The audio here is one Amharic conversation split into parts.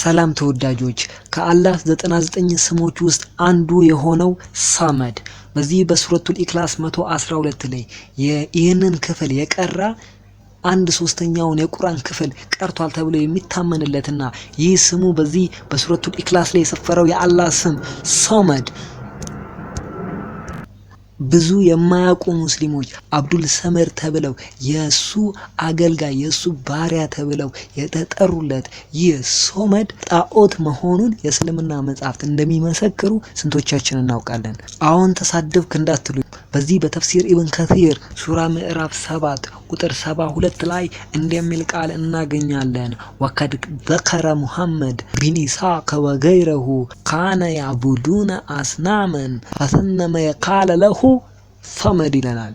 ሰላም ተወዳጆች፣ ከአላህ 99 ስሞች ውስጥ አንዱ የሆነው ሳመድ በዚህ በሱረቱል ኢክላስ 112 ላይ ይህንን ክፍል የቀራ አንድ ሶስተኛውን የቁርአን ክፍል ቀርቷል ተብሎ የሚታመንለትና ይህ ስሙ በዚህ በሱረቱል ኢክላስ ላይ የሰፈረው የአላህ ስም ሳመድ ብዙ የማያውቁ ሙስሊሞች አብዱል ሰመድ ተብለው የእሱ አገልጋይ የእሱ ባሪያ ተብለው የተጠሩለት ይህ ሶመድ ጣዖት መሆኑን የእስልምና መጽሐፍት እንደሚመሰክሩ ስንቶቻችን እናውቃለን? አሁን ተሳደብክ እንዳትሉ በዚህ በተፍሲር ኢብን ከሲር ሱራ ምዕራፍ ሰባት ቁጥር 72 ላይ እንደሚል ቃል እናገኛለን። ወከድ ዘከረ ሙሐመድ ቢን ኢስሐቅ ወገይረሁ ካነ ያቡዱነ አስናመን ፈሰነመ የቃለ ለሁ ሰመድ ይለናል።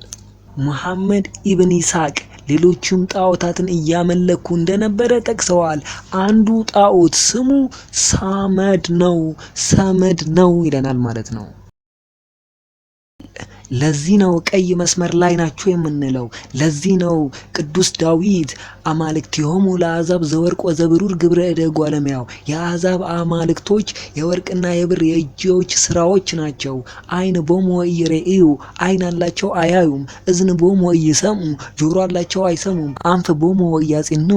ሙሐመድ ኢብን ኢስሐቅ ሌሎችም ጣዖታትን እያመለኩ እንደነበረ ጠቅሰዋል። አንዱ ጣዖት ስሙ ሳመድ ነው፣ ሰመድ ነው ይለናል ማለት ነው። ለዚህ ነው ቀይ መስመር ላይ ናቸው የምንለው። ለዚህ ነው ቅዱስ ዳዊት አማልክቲሆሙ ለአሕዛብ ዘወርቅ ወዘብሩር ግብረ እደ እጓለ እመሕያው የአሕዛብ አማልክቶች የወርቅና የብር የእጅዎች ስራዎች ናቸው። አይን ቦሙ ወኢይሬእዩ አይን አላቸው አያዩም፣ እዝን ቦሙ ወኢይሰሙ ጆሮ አላቸው አይሰሙም፣ አንፍ ቦሙ ወኢያጼኑ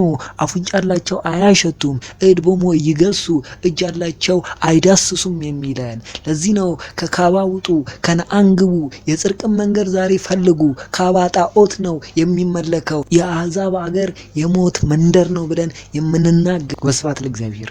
አፍንጫ አላቸው አያሸቱም፣ እድ ቦሙ ወኢይገሱ እጅ አላቸው አይዳስሱም የሚለን ለዚህ ነው ከካባ ውጡ ከነአን ግቡ የጽድቅን መንገድ ዛሬ ፈልጉ፣ ከአባጣዖት ነው የሚመለከው፣ የአሕዛብ አገር የሞት መንደር ነው ብለን የምንናገር ወስፋት ለእግዚአብሔር።